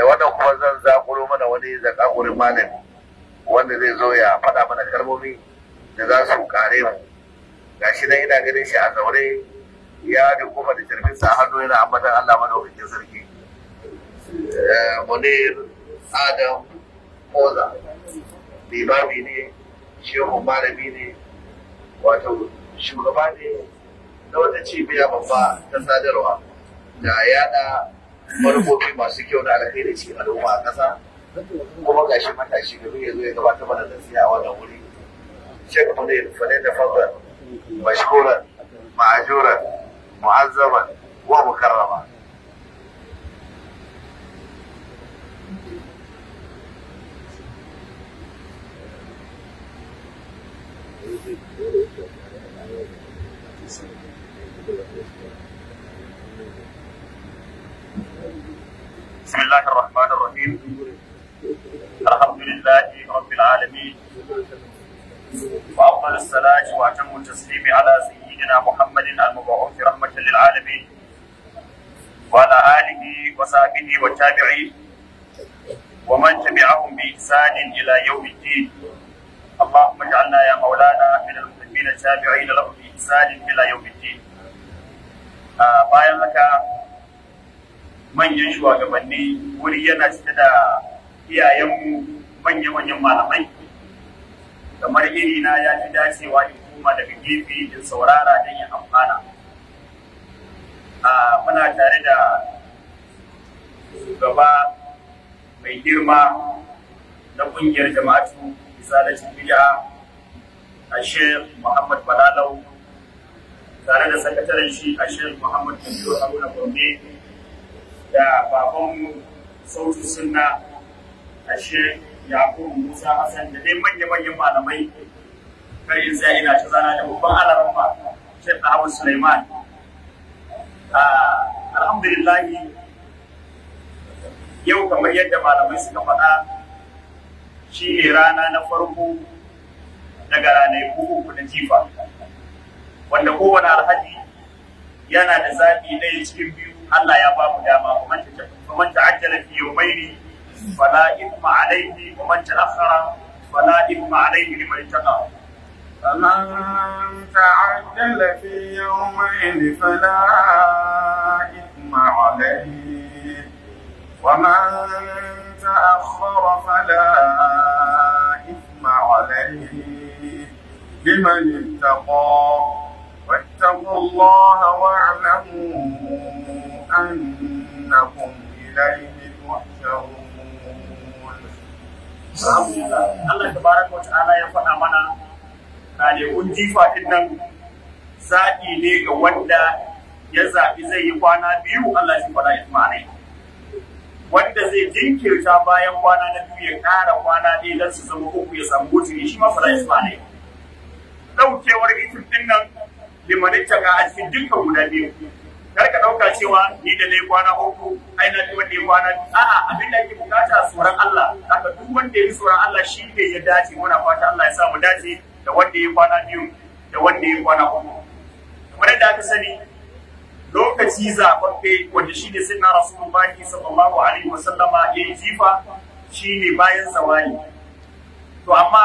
da wannan kuma zan zakuro mana wani zakakurin malami wanda zai zo ya faɗa mana kalmomi da za su kare mu gashi nan ina ganin shi a zaure ya kuma da jirgin sa hannu yana ambatan Allah madaukakin sarki eh, munir adam oza limami ne shehu malami ne wato shugaba ne na wata cibiya babba ta sadarwa da yada manufofi masu kyau da alkhairi da al'umma a ƙasa kuma gashi matashi da ya zo ya gabata mana da siya a wannan wuri ga munir fane da fadar mashkuran ma'ajuran mu'azzaman wa mukarrama بسم الله الرحمن الرحيم الحمد لله رب العالمين وأفضل الصلاة وأتم التسليم على سيدنا محمد المبعوث رحمة للعالمين وعلى آله وصحبه والتابعين ومن تبعهم بإحسان إلى يوم الدين اللهم اجعلنا يا مولانا من المسلمين التابعين لهم بإحسان إلى يوم الدين آه بايعك manyan shugabanni wuri yana cike da iyayenmu manya-manyan malamai kamar na ya fi dacewa in kuma daga gefe da saurara don yin amfana a muna tare da shugaba mai girma na ƙungiyar jama'atu misalacin bid'a a muhammad balalau tare da sakataren shi a shek muhammad a haruna gombe da babanmu Sautu sunna a yakubu musa hassan da dai manya-manyan malamai yin zai ina shi zana da babban alaran ba da hawan suleiman ah, alhamdulillahi yau kamar yadda malamai suka faɗa shi ne rana na farko daga ranai uku na jifa wanda kowane alhaji yana da zaɓi ɗaya cikin biyu Allah يا بابا mu dama ومن تعجل في يومين فلا إثم عليه ومن تأخر فلا إثم عليه لمن اتقى فمن تعجل في يومين فلا إثم عليه ومن تأخر فلا إثم عليه لمن اتقى واتقوا الله واعلموا أنكم إليه تحشرون Allah tabaraka wa ya faɗa mana ɗalibun jifa ɗin nan zaɓi ne ga wanda ya zaɓi zai yi kwana biyu Allah faɗa wanda zai jinkirta bayan kwana na biyu ya ƙara kwana ɗaya don su zama uku ya samu wuturi shi ma faɗa ne. ɗaukewar itin ɗin nan limanin ta ga a cikin dukkan guda biyu kar ka dauka cewa ni da nayi kwana uku ai na ji wanda ya kwana a'a abin da ake bukata tsoron Allah haka duk wanda ya yi tsoron Allah shi ne ya dace muna fata Allah ya sa mu dace da wanda ya kwana biyu da wanda ya kwana uku kamar da aka sani lokaci zaɓaɓɓe wanda shi ne sinna rasulullahi sallallahu alaihi wasallama ya yi jifa shi ne bayan zawali to amma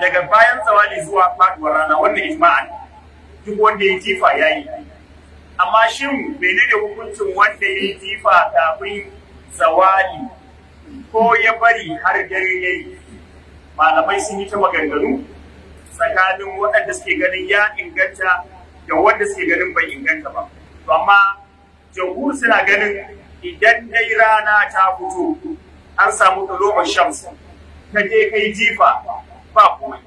daga bayan zawali zuwa faduwar rana wannan ijma'an duk wanda ya jifa ya yi amma shin menene hukuncin wanda ya jifa kafin zawali ko ya bari har dare ya yi malamai sun yi ta maganganu tsakanin waɗanda suke ganin ya inganta da wanda suke ganin bai inganta ba to amma jamhur suna ganin idan dai rana ta fito an samu ɗalomar shams ka je kai jifa ba komai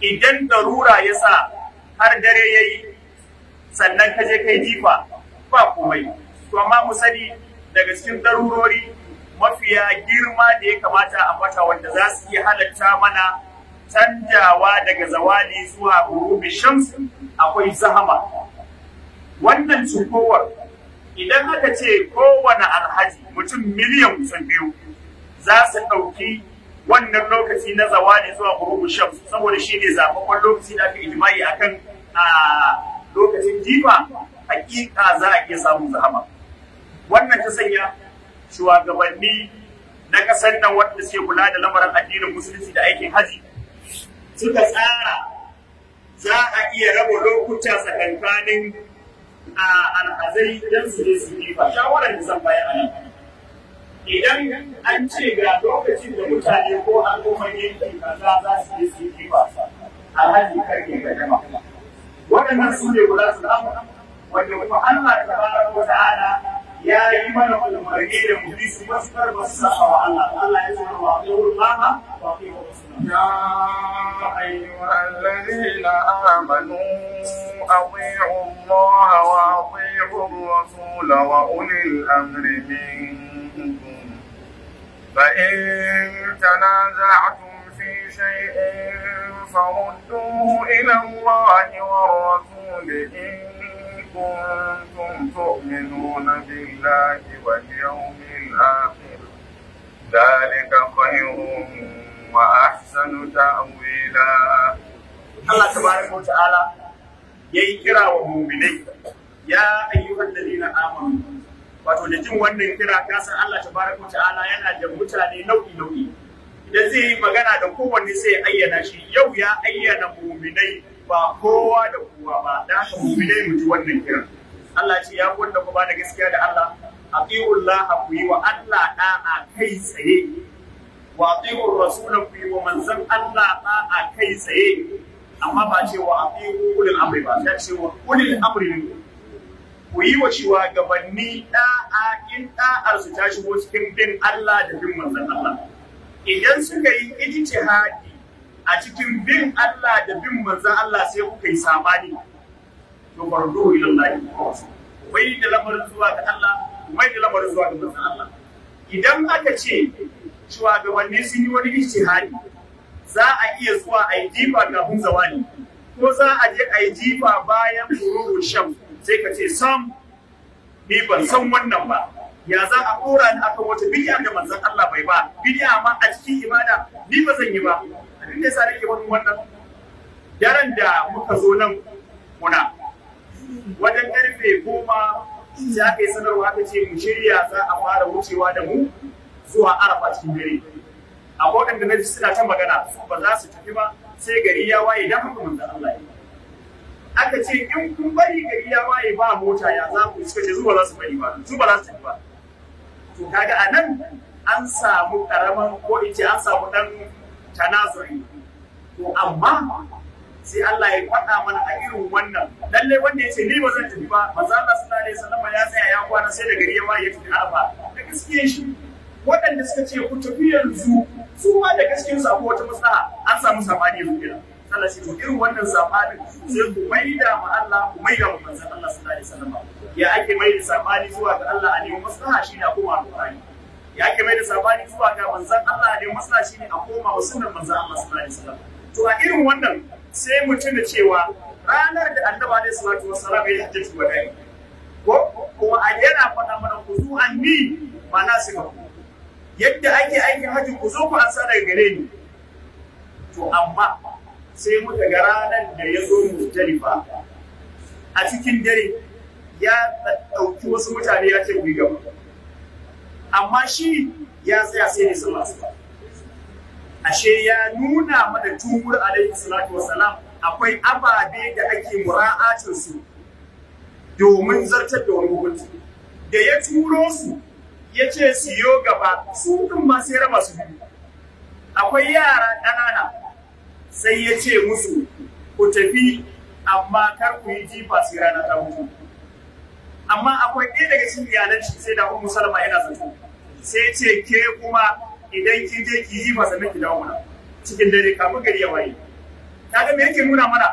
idan ɗarura ya sa har dare ya yi sannan ka je kai jifa ba komai to amma mu sani daga cikin darurori mafiya girma da ya kamata a mata wanda za su iya halatta mana canjawa daga zawali zuwa gurubi shams akwai zahama wannan cikowar idan aka ce kowane alhaji mutum miliyan kusan biyu za su ɗauki wannan lokaci na zawali zuwa gurubi shams saboda shi ne zafafan lokaci da aka ijimai akan a lokacin jifa hakika za a iya samun zahama wannan ta sanya shugabanni na kasar nan wanda suke kula da lamarin addinin musulunci da aikin haji suka tsara za a iya raba lokuta tsakankanin a alhazai don su ne su jifa shawarar da zan bayar a idan an ce ga lokacin da mutane ko al'ummar yankin kaza za su yi su yi jifa alhaji karke ga jama'a waɗannan su ne guda su samu wanda kuma Allah ta fara ko ta'ala ya yi mana umarni da mu bi su maskar ba su sa'a wa Allah Allah ya tsara wa qawlu ma'a wa qimu ya ayyuhalladhina amanu أطيعوا الله وأطيعوا الرسول وأولي الأمر منكم فإن تنازعتم شيء فردوه إلى الله والرسول إن كنتم تؤمنون بالله واليوم الآخر ذلك خير وأحسن تأويلا الله تبارك وتعالى يكرا ومؤمنين يا أيها الذين آمنوا wato da jin wannan kira kasar Allah ta tabaraka ta'ala yana da mutane nau'i nau'i Yanzu zai yi magana da kowanne sai ya ayyana shi yau ya ayyana muminai ba kowa da kowa ba da haka muminai mutu wannan kiran Allah ce ya wanda ku ba da gaskiya da Allah laha ku yi wa Allah da'a kai tsaye wa atiur rasul ku yi wa manzon Allah da'a kai tsaye amma ba ce wa atiur ulil amri ba ya ce wa ulil amri ku yi wa shugabanni da'a in da'ar su ta shigo cikin bin Allah da bin manzon Allah idan suka yi haɗi a cikin bin Allah da bin manzan Allah sai kuka yi sabani to yi ilallahi wai da lamarin zuwa ga Allah mai da lamarin zuwa ga manzan Allah idan aka ce wanne sun yi wani haɗi, za a iya zuwa a yi jifa kafin zawali ko za a je a yi jifa bayan fururu sham sai ka ce sam ni ban san wannan ba ya za a ɗora ni akan wata bidiya da manzon Allah bai ba bidiya ma a cikin ibada ni ba zan yi ba abin da yasa nake wani wannan daren da muka zo nan kuna wajen karfe goma sai aka yi sanarwa aka ce mu shirya za a fara wucewa da mu zuwa arafa cikin dare a da na ji suna ta magana su ba za su tafi ba sai gari ya waye dan haka manzon Allah ya aka ce in kun bari gari ya waye ba mota ya za ku suka ce zuwa za su bari ba zuwa za su tafi ba to kaga a nan an samu karaman ko in ce an samu dan tanazuri to amma sai Allah ya faɗa mana a irin wannan lalle wanda yace ni ba zan tafi ba Maza Allah sallallahu alaihi wasallam ya tsaya ya kwana sai da gari ya waye tafi Arfa da gaskiye shi waɗanda suka ce ku tafi yanzu su ma da gaskiyar su akwai wata maslaha an samu sabani yanzu kenan Allah shi irin wannan sabanin sai ku maida Allah ku maida ma manzon Allah sallallahu alaihi wasallam ya ake maida safari zuwa ga Allah a nemi maslaha shine na koma ya ake maida safari zuwa ga manzon Allah a nemi maslaha a koma wa sunnar manzon Allah sallallahu alaihi wasallam to a irin wannan sai mutum da cewa ranar da annabi alaihi salatu wassalam ya hajjatu wadai ko kuma a yana faɗa mana ku zuwa ni mana yadda ake aikin hajji ku zo ku an daga gare ni to amma sai muka ga ranar da ya zo mujtalifa a cikin dare ya ɗauki wasu mutane ya ce gaba amma shi ya tsaya sai ne su ashe ya nuna mana tumur alaihi salatu wasalam akwai ababe da ake mura'atin su domin zartar da wani hukunci da ya turo su ya ce siyo gaba su ɗin ma sai raba su biyu akwai yara ƙanana sai ya ce musu ku tafi amma kar ku yi jifa su rana ta hutu amma akwai ɗaya daga cikin iyalanci sai da ummu salama yana zato sai ce ke kuma idan ki je ki jifa sannan ki dawo mana cikin dare kafin gari ya waye kaga me yake nuna mana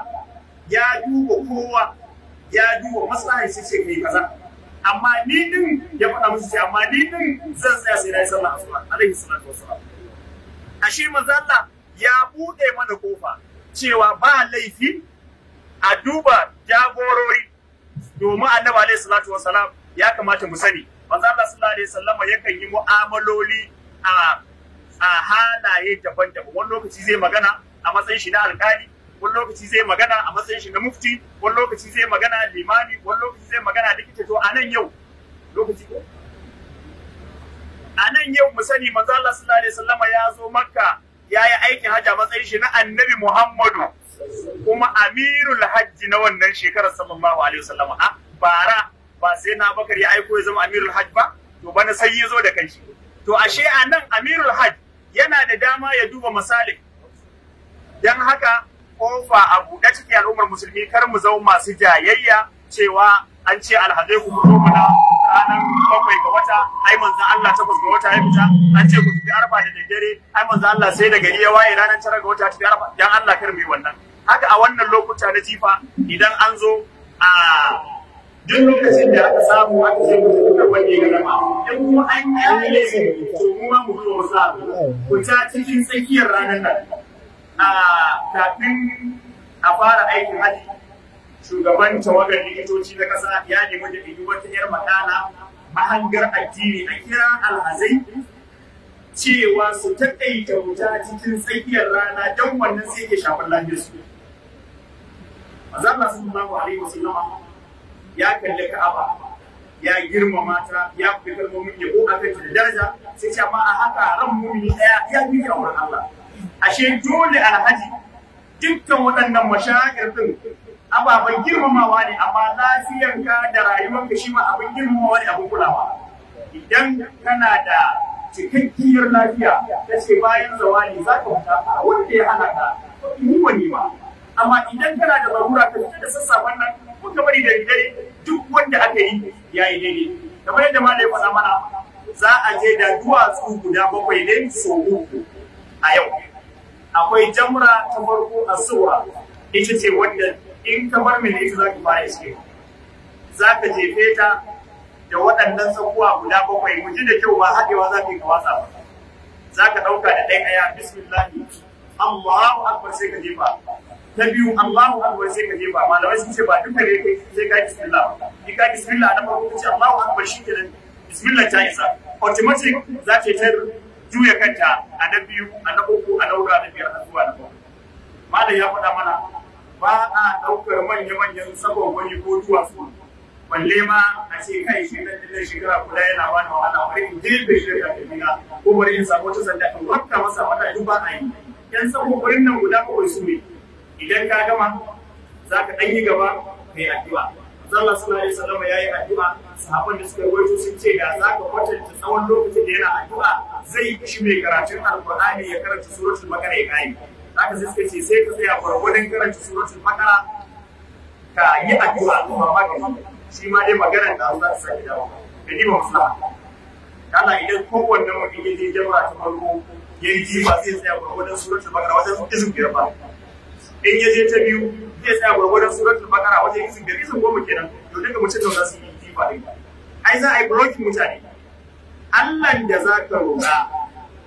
ya duba kowa ya duba maslaha sai ce kai kaza amma ni din ya faɗa musu ce, amma ni din zan tsaya sai na yi sallah asuba alaihi salatu wassalam ashe manzo Allah ya buɗe mana kofa cewa ba laifi a duba jagorori domin annabi alaihi salatu wassalam ya kamata mu sani manzo Allah sallallahu alaihi wasallam yakan yi mu'amaloli a a halaye daban-daban wani lokaci zai magana a matsayin shi na alkali wani lokaci zai magana a matsayin shi na mufti wani lokaci zai magana limami wani lokaci zai magana likita to anan yau lokaci ko anan yau mu sani manzo Allah sallallahu alaihi wasallam ya zo makka ya yi aikin hajji a matsayin shi na annabi Muhammadu kuma amirul hajji na wannan shekarar sallallahu alaihi wasallam a bara ba sai na bakar ya aiko ya zama amirul hajji ba to bana sai ya zo da kanshi to ashe a nan amirul hajji yana da dama ya duba misali don haka kofa a buɗe cikin al'ummar musulmi kar mu zama masu jayayya cewa an ce alhazai ku fito mana ranar bakwai ga wata ai manzan Allah takwas ga wata ya fita an ce ku tafi arfa da daddare ai manzan Allah sai da gari ya waye ranar tara ga wata tafi arfa dan Allah kar mu yi wannan haka a wannan lokuta na jifa idan an zo a duk lokacin da aka samu aka ce ku tafi karɓar ne garama in kuma an yi laifi to mu ma mu zo wasu ku ta cikin tsakiyar ranar nan a kafin a fara aikin hajji shugaban tawagar likitoci na ƙasa ya nemi da bi wata 'yar magana mahangar addini a kira alhazai cewa su taƙaita wuta cikin tsakiyar rana don wannan sai ke shafar lafiyarsu. Mazalla sallallahu alaihi wasallam ya kalli Ka'aba ya girma mata, ya fi kalmomin yabo a kai da daraja sai ce amma a haka ran mumini ɗaya ya fi kyawar Allah. Ashe dole alhaji dukkan waɗannan mashakar ɗin ababen girmamawa ne amma lafiyanka da rayuwarka shi ma abin girmamawa ne abin kulawa idan kana da cikakkiyar lafiya ta ce bayan zawali za ka huta a wanda ya hana ka mu wani ba amma idan kana da zarura, ka fita da sassa nan kun ka bari da dare duk wanda aka yi ya yi daidai kamar yadda malai ya faɗa mana za a je da duwatsu guda bakwai ne so uku a yau akwai jamra ta farko a sura ita ce wanda in ka bar mai ita za ki fara iske za ka jefe ta da waɗannan tsakuwa guda bakwai mutum da kyau ba haɗewa za ka yi ka watsa ba za ka ɗauka da ɗaya ɗaya bismillahi Allahu akbar sai ka jefa na biyu Allahu akbar sai ka jefa malamai sun ce ba duka ne kai sai ka bismillah in ka bismillah na farko kace Allahu akbar shikenan bismillah ta isa automatic za ta ta juya kanta a na biyu a na uku a na huɗu a na biyar a zuwa na bakwai malam ya faɗa mana ba a ɗaukar manya-manyan sabon wani ko duwatsu balle ma a ce kai shi da dillan shekara guda yana ba da wahala wani in da shi da kabila ko bari in samu wata sanda in wanka masa wata duk ba a yi yan sabon wurin nan guda bakwai su ne idan ka gama za ka ɗan yi gaba mai addu'a zalla suna yi salama ya yi addu'a sahabban da suka rawaito sun ce da za ka kwatanta tsawon lokacin da yana addu'a zai shi mai karatun alkur'ani ya karanta suratul baqara ya kai haka sai suka ce sai ka tsaya gwargwadon karanta suratul bakara ka yi addu'a kuma yi shi ma dai maganar da za ta sake dawo da ni ba maslaha kana idan kowanne mutum ya je jama'a ta farko ya yi jifa sai tsaya gwargwadon suratul bakara wajen izin biyar ba in ya je ta biyu zai tsaya gwargwadon suratul bakara wajen izin biyar izin goma kenan to duka mutum da za su yi jifa ne ai za a yi blocking mutane Allah da za ka roƙa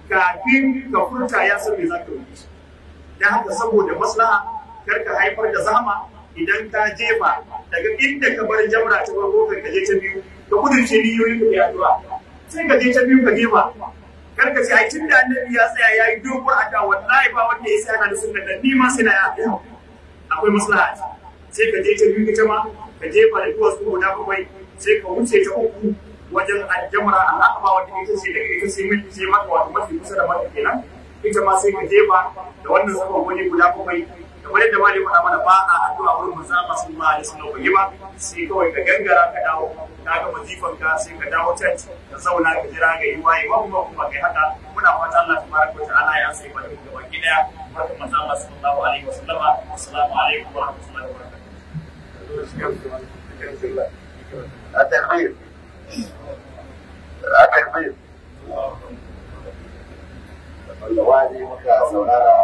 kafin ka furta ya san me za ka roƙe shi da haka saboda maslaha kar ka haifar da zama idan ka jefa daga inda ka bar jamra ta farko ka je ta biyu ka kudurce niyoyin ka ya tura sai ka je ta biyu ka jefa kar ka ce ai da annabi ya tsaya ya yi dogon ada wallahi ba wanda ya tsaya da sunna da ni ma sai na ya akwai maslaha sai ka je ta biyu ita ma ka jefa da duwatsu guda bakwai sai ka wuce ta uku wajen aljamra ba wanda ita ce daga ita sai mafi ce maka wato mafi kusa da maka kenan ita ma sai ka jefa da wannan sabon wani guda bakwai kamar yadda malai faɗa mana ba a addu'a wurin manzo Allah sun ma da sunan yi ba sai kawai ka gangara ka dawo ka ga wajifan ka sai ka dawo church ka zauna ka jira ga yi waye wa kuma kuma kai haka muna fata Allah tabaraka wa ta'ala ya sai barka da baki daya barka manzo Allah sallallahu alaihi wasallam assalamu alaikum wa rahmatullahi wa barakatuh التكبير التكبير wanda wani muka saurara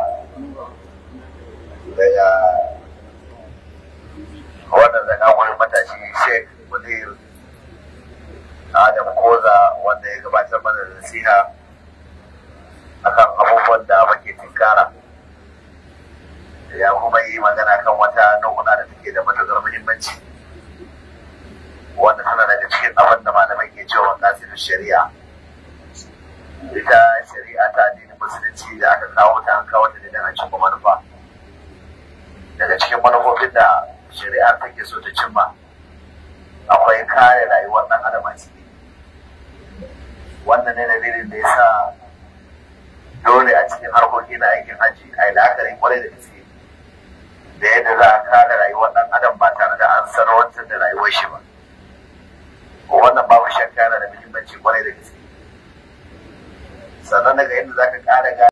daga wannan zaka wani matashi sheik munir adam koza wanda ya gabatar mana da nasiha akan abubuwan da muke tinkara ya kuma yi magana kan wata nau'una da take da matuƙar muhimmanci wanda tana daga cikin abin da malamai ke cewa tasirin shari'a abin da shari'a take so ta cimma akwai kare rayuwar ɗan adam a ciki wannan ne dalilin da ya sa dole a cikin harkoki na aikin hajji a yi la'akari kwarai da gaske da yadda za a kare rayuwar ɗan adam ba tare da an san wancan da rayuwar shi ba wannan babu shakka yana da muhimmanci kwarai da gaske sannan daga yadda za ka ƙara